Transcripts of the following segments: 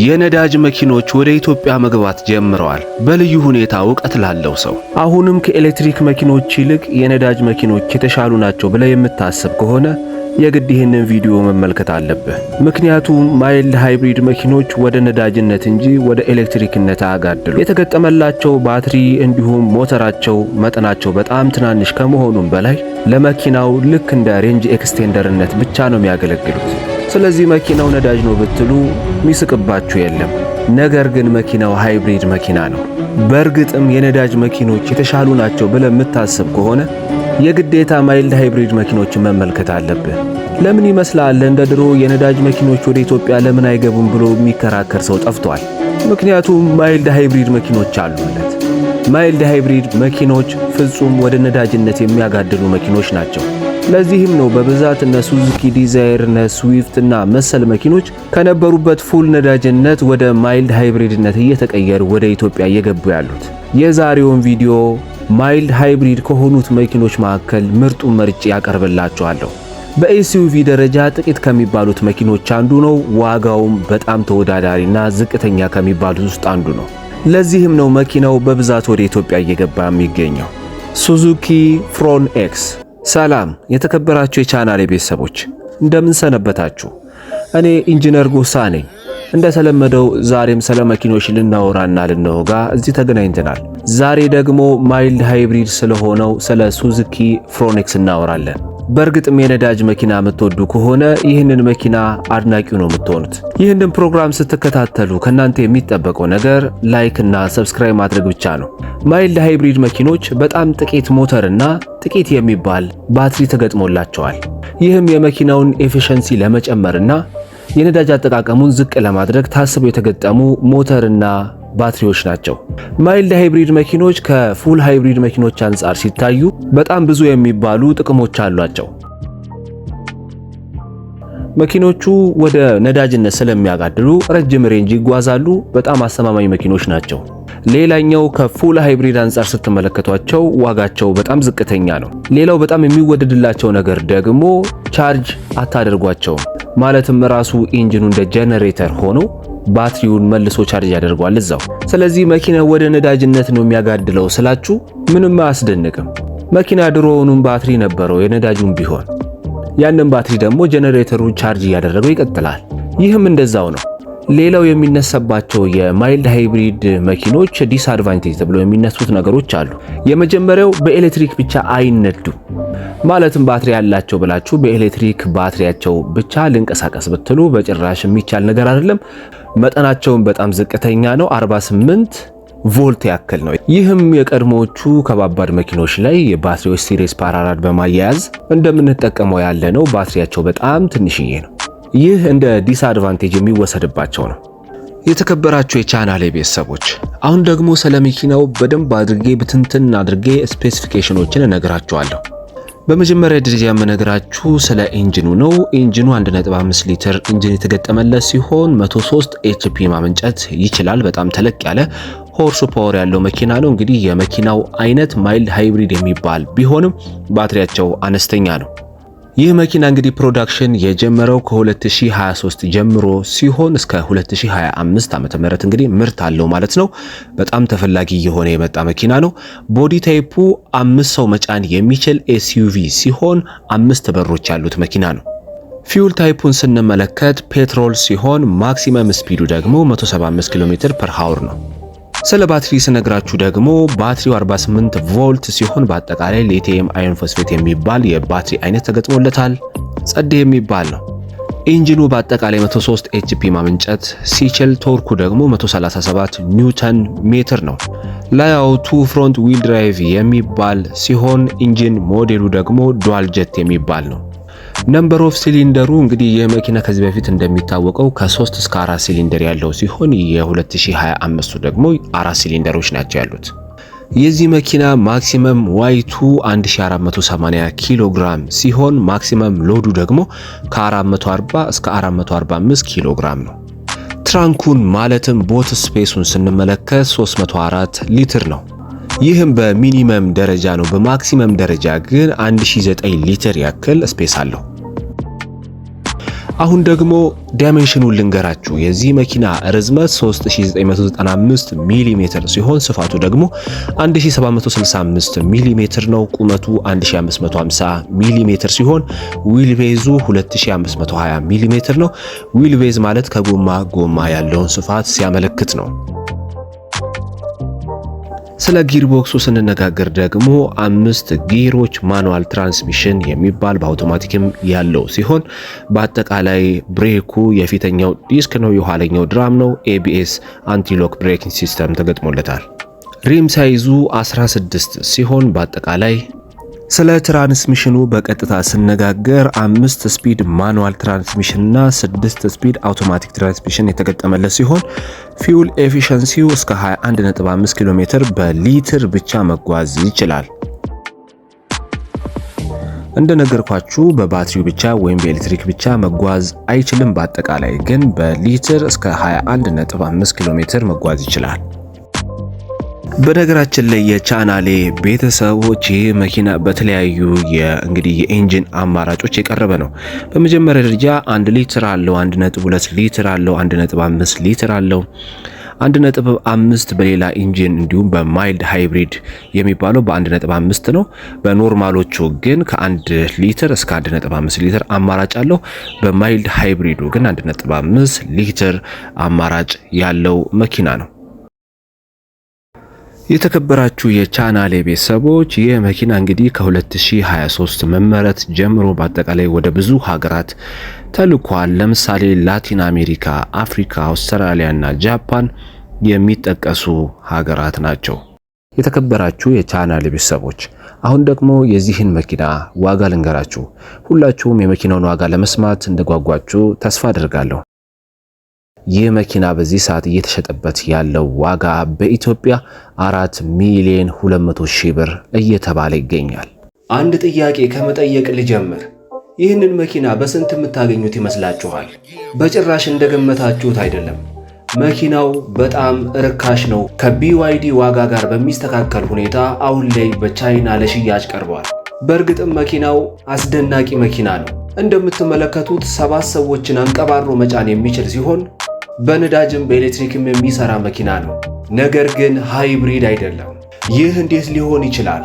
የነዳጅ መኪኖች ወደ ኢትዮጵያ መግባት ጀምረዋል። በልዩ ሁኔታ እውቀት ላለው ሰው አሁንም ከኤሌክትሪክ መኪኖች ይልቅ የነዳጅ መኪኖች የተሻሉ ናቸው ብለህ የምታስብ ከሆነ የግድ ይህንን ቪዲዮ መመልከት አለብህ። ምክንያቱም ማይልድ ሃይብሪድ መኪኖች ወደ ነዳጅነት እንጂ ወደ ኤሌክትሪክነት አያጋድሉ። የተገጠመላቸው ባትሪ እንዲሁም ሞተራቸው መጠናቸው በጣም ትናንሽ ከመሆኑም በላይ ለመኪናው ልክ እንደ ሬንጅ ኤክስቴንደርነት ብቻ ነው የሚያገለግሉት። ስለዚህ መኪናው ነዳጅ ነው ብትሉ ሚስቅባችሁ የለም። ነገር ግን መኪናው ሃይብሪድ መኪና ነው። በእርግጥም የነዳጅ መኪኖች የተሻሉ ናቸው ብለህ የምታስብ ከሆነ የግዴታ ማይልድ ሃይብሪድ መኪኖችን መመልከት አለብህ። ለምን ይመስላል እንደ ድሮ የነዳጅ መኪኖች ወደ ኢትዮጵያ ለምን አይገቡም ብሎ የሚከራከር ሰው ጠፍቷል። ምክንያቱም ማይልድ ሃይብሪድ መኪኖች አሉለት። ማይልድ ሃይብሪድ መኪኖች ፍጹም ወደ ነዳጅነት የሚያጋድሉ መኪኖች ናቸው። ለዚህም ነው በብዛት እነ ሱዙኪ ዲዛይር፣ እነ ስዊፍት እና መሰል መኪኖች ከነበሩበት ፉል ነዳጅነት ወደ ማይልድ ሃይብሪድነት እየተቀየሩ ወደ ኢትዮጵያ እየገቡ ያሉት። የዛሬውን ቪዲዮ ማይልድ ሃይብሪድ ከሆኑት መኪኖች መካከል ምርጡን መርጬ ያቀርብላችኋለሁ። በኤስዩቪ ደረጃ ጥቂት ከሚባሉት መኪኖች አንዱ ነው። ዋጋውም በጣም ተወዳዳሪና ዝቅተኛ ከሚባሉት ውስጥ አንዱ ነው። ለዚህም ነው መኪናው በብዛት ወደ ኢትዮጵያ እየገባ የሚገኘው ሱዙኪ ፍሮን ኤክስ ሰላም የተከበራችሁ የቻናሌ ቤተሰቦች እንደምን ሰነበታችሁ? እኔ ኢንጂነር ጎሳ ነኝ። እንደተለመደው ዛሬም ስለ መኪኖች ልናወራና ልናወጋ እዚህ ተገናኝተናል። ዛሬ ደግሞ ማይልድ ሃይብሪድ ስለሆነው ስለ ሱዙኪ ፍሮኔክስ እናወራለን። በእርግጥም የነዳጅ መኪና የምትወዱ ከሆነ ይህንን መኪና አድናቂው ነው የምትሆኑት። ይህንን ፕሮግራም ስትከታተሉ ከእናንተ የሚጠበቀው ነገር ላይክ እና ሰብስክራይብ ማድረግ ብቻ ነው። ማይልድ ሃይብሪድ መኪኖች በጣም ጥቂት ሞተርና ጥቂት የሚባል ባትሪ ተገጥሞላቸዋል። ይህም የመኪናውን ኤፊሸንሲ ለመጨመርና የነዳጅ አጠቃቀሙን ዝቅ ለማድረግ ታስበው የተገጠሙ ሞተርና ባትሪዎች ናቸው። ማይልድ ሃይብሪድ መኪኖች ከፉል ሃይብሪድ መኪኖች አንጻር ሲታዩ በጣም ብዙ የሚባሉ ጥቅሞች አሏቸው። መኪኖቹ ወደ ነዳጅነት ስለሚያጋድሉ ረጅም ሬንጅ ይጓዛሉ። በጣም አስተማማኝ መኪኖች ናቸው። ሌላኛው ከፉል ሃይብሪድ አንጻር ስትመለከቷቸው ዋጋቸው በጣም ዝቅተኛ ነው። ሌላው በጣም የሚወደድላቸው ነገር ደግሞ ቻርጅ አታደርጓቸውም። ማለትም ራሱ ኢንጂኑ እንደ ጄኔሬተር ሆኖ ባትሪውን መልሶ ቻርጅ ያደርገዋል እዛው። ስለዚህ መኪና ወደ ነዳጅነት ነው የሚያጋድለው ስላችሁ ምንም አያስደንቅም። መኪና ድሮውኑም ባትሪ ነበረው የነዳጁም ቢሆን ያንን ባትሪ ደግሞ ጄኔሬተሩ ቻርጅ እያደረገው ይቀጥላል። ይህም እንደዛው ነው። ሌላው የሚነሳባቸው የማይልድ ሃይብሪድ መኪኖች ዲስአድቫንቴጅ ተብሎ የሚነሱት ነገሮች አሉ። የመጀመሪያው በኤሌክትሪክ ብቻ አይነዱም። ማለትም ባትሪ ያላቸው ብላችሁ በኤሌክትሪክ ባትሪያቸው ብቻ ልንቀሳቀስ ብትሉ በጭራሽ የሚቻል ነገር አይደለም። መጠናቸውን በጣም ዝቅተኛ ነው፣ 48 ቮልት ያክል ነው። ይህም የቀድሞዎቹ ከባባድ መኪኖች ላይ የባትሪዎች ሲሪስ ፓራራድ በማያያዝ እንደምንጠቀመው ያለ ነው። ባትሪያቸው በጣም ትንሽዬ ነው። ይህ እንደ ዲስአድቫንቴጅ የሚወሰድባቸው ነው። የተከበራችሁ የቻናሌ ቤተሰቦች አሁን ደግሞ ስለ መኪናው በደንብ አድርጌ ብትንትን አድርጌ ስፔሲፊኬሽኖችን እነግራችኋለሁ። በመጀመሪያ ደረጃ የምነግራችሁ ስለ ኢንጂኑ ነው። ኢንጂኑ 1.5 ሊትር ኢንጂን የተገጠመለት ሲሆን 103 ኤችፒ ማመንጨት ይችላል። በጣም ተለቅ ያለ ሆርስ ፓወር ያለው መኪና ነው። እንግዲህ የመኪናው አይነት ማይልድ ሃይብሪድ የሚባል ቢሆንም ባትሪያቸው አነስተኛ ነው። ይህ መኪና እንግዲህ ፕሮዳክሽን የጀመረው ከ2023 ጀምሮ ሲሆን እስከ 2025 ዓመተ ምህረት እንግዲህ ምርት አለው ማለት ነው። በጣም ተፈላጊ የሆነ የመጣ መኪና ነው። ቦዲ ታይፑ አምስት ሰው መጫን የሚችል ኤስዩቪ ሲሆን አምስት በሮች ያሉት መኪና ነው። ፊውል ታይፑን ስንመለከት ፔትሮል ሲሆን ማክሲመም ስፒዱ ደግሞ 175 ኪሎ ሜትር ፐር ሃውር ነው። ስለ ባትሪ ስነግራችሁ ደግሞ ባትሪው 48 ቮልት ሲሆን በአጠቃላይ ሊቲየም አዮን ፎስፌት የሚባል የባትሪ አይነት ተገጥሞለታል። ጸዴ የሚባል ነው። ኢንጂኑ በአጠቃላይ 103 ኤችፒ ማመንጨት ሲችል ቶርኩ ደግሞ 137 ኒውተን ሜትር ነው። ላይአውቱ ፍሮንት ዊል ድራይቭ የሚባል ሲሆን ኢንጂን ሞዴሉ ደግሞ ዱዋል ጀት የሚባል ነው። ነምበር ኦፍ ሲሊንደሩ እንግዲህ የመኪና ከዚህ በፊት እንደሚታወቀው ከ3 እስከ 4 ሲሊንደር ያለው ሲሆን የ2025 ደግሞ አራት ሲሊንደሮች ናቸው ያሉት። የዚህ መኪና ማክሲመም ዋይቱ 1480 ኪሎ ግራም ሲሆን ማክሲመም ሎዱ ደግሞ ከ440 እስከ 445 ኪሎ ግራም ነው። ትራንኩን ማለትም ቦት ስፔሱን ስንመለከት 304 ሊትር ነው። ይህም በሚኒመም ደረጃ ነው። በማክሲመም ደረጃ ግን 1009 ሊትር ያክል ስፔስ አለው። አሁን ደግሞ ዳይመንሽኑ ልንገራችሁ። የዚህ መኪና ርዝመት 3995 ሚሜ ሲሆን ስፋቱ ደግሞ 1765 ሚሜ ነው። ቁመቱ 1550 ሚሜ ሲሆን ዊልቤዙ 2520 ሚሜ ነው። ዊልቤዝ ማለት ከጎማ ጎማ ያለውን ስፋት ሲያመለክት ነው። ስለ ጊርቦክሱ ስንነጋገር ደግሞ አምስት ጊሮች ማኑዋል ትራንስሚሽን የሚባል በአውቶማቲክም ያለው ሲሆን በአጠቃላይ ብሬኩ የፊተኛው ዲስክ ነው፣ የኋለኛው ድራም ነው። ኤቢኤስ አንቲሎክ ብሬኪንግ ሲስተም ተገጥሞለታል። ሪም ሳይዙ 16 ሲሆን በአጠቃላይ ስለ ትራንስሚሽኑ በቀጥታ ስነጋገር አምስት ስፒድ ማኑዋል ትራንስሚሽን እና ስድስት ስፒድ አውቶማቲክ ትራንስሚሽን የተገጠመለት ሲሆን ፊውል ኤፊሸንሲው እስከ 21.5 ኪሎ ሜትር በሊትር ብቻ መጓዝ ይችላል። እንደነገርኳችሁ በባትሪው ብቻ ወይም በኤሌክትሪክ ብቻ መጓዝ አይችልም። በአጠቃላይ ግን በሊትር እስከ 21.5 ኪሎ ሜትር መጓዝ ይችላል። በነገራችን ላይ የቻናሌ ቤተሰቦች ይህ መኪና በተለያዩ እንግዲህ የኢንጂን አማራጮች የቀረበ ነው። በመጀመሪያ ደረጃ አንድ ሊትር አለው፣ 1.2 ሊትር አለው፣ 1.5 ሊትር አለው 1.5 በሌላ ኢንጂን እንዲሁም በማይልድ ሃይብሪድ የሚባለው በ1.5 ነው። በኖርማሎቹ ግን ከ1 ሊትር እስከ 1.5 ሊትር አማራጭ አለው። በማይልድ ሃይብሪዱ ግን 1.5 ሊትር አማራጭ ያለው መኪና ነው። የተከበራችሁ የቻናሌ ቤተሰቦች ይህ መኪና እንግዲህ ከ2023 መመረት ጀምሮ በአጠቃላይ ወደ ብዙ ሀገራት ተልኳል። ለምሳሌ ላቲን አሜሪካ፣ አፍሪካ፣ አውስትራሊያ እና ጃፓን የሚጠቀሱ ሀገራት ናቸው። የተከበራችሁ የቻናሌ ቤተሰቦች አሁን ደግሞ የዚህን መኪና ዋጋ ልንገራችሁ። ሁላችሁም የመኪናውን ዋጋ ለመስማት እንደጓጓችሁ ተስፋ አድርጋለሁ። ይህ መኪና በዚህ ሰዓት እየተሸጠበት ያለው ዋጋ በኢትዮጵያ 4 ሚሊዮን 200 ሺህ ብር እየተባለ ይገኛል። አንድ ጥያቄ ከመጠየቅ ልጀምር። ይህንን መኪና በስንት የምታገኙት ይመስላችኋል? በጭራሽ እንደገመታችሁት አይደለም። መኪናው በጣም እርካሽ ነው። ከቢዋይዲ ዋጋ ጋር በሚስተካከል ሁኔታ አሁን ላይ በቻይና ለሽያጭ ቀርቧል። በእርግጥም መኪናው አስደናቂ መኪና ነው። እንደምትመለከቱት ሰባት ሰዎችን አንቀባሮ መጫን የሚችል ሲሆን በነዳጅም በኤሌክትሪክም የሚሰራ መኪና ነው። ነገር ግን ሃይብሪድ አይደለም። ይህ እንዴት ሊሆን ይችላል?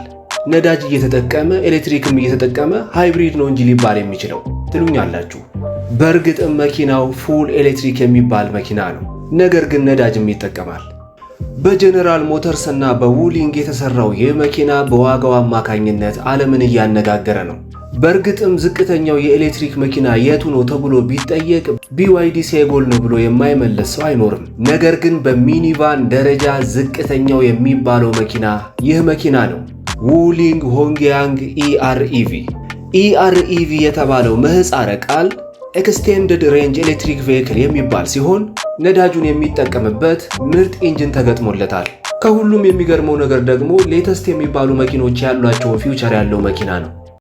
ነዳጅ እየተጠቀመ ኤሌክትሪክም እየተጠቀመ ሃይብሪድ ነው እንጂ ሊባል የሚችለው ትሉኛላችሁ። በእርግጥም መኪናው ፉል ኤሌክትሪክ የሚባል መኪና ነው። ነገር ግን ነዳጅም ይጠቀማል። በጀነራል ሞተርስ እና በውሊንግ የተሰራው ይህ መኪና በዋጋው አማካኝነት ዓለምን እያነጋገረ ነው። በእርግጥም ዝቅተኛው የኤሌክትሪክ መኪና የቱ ነው ተብሎ ቢጠየቅ ቢዋይዲ ሴጎል ነው ብሎ የማይመለስ ሰው አይኖርም። ነገር ግን በሚኒቫን ደረጃ ዝቅተኛው የሚባለው መኪና ይህ መኪና ነው፣ ውሊንግ ሆንግያንግ ኢአርኢቪ። ኢአርኢቪ የተባለው ምህፃረ ቃል ኤክስቴንድድ ሬንጅ ኤሌክትሪክ ቬሂክል የሚባል ሲሆን ነዳጁን የሚጠቀምበት ምርጥ ኢንጂን ተገጥሞለታል። ከሁሉም የሚገርመው ነገር ደግሞ ሌተስት የሚባሉ መኪኖች ያሏቸው ፊውቸር ያለው መኪና ነው።